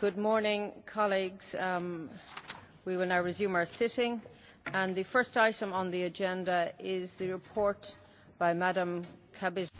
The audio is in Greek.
Good morning, colleagues. We will now resume our sitting. And the first item on the agenda is the report by Madam Cabez.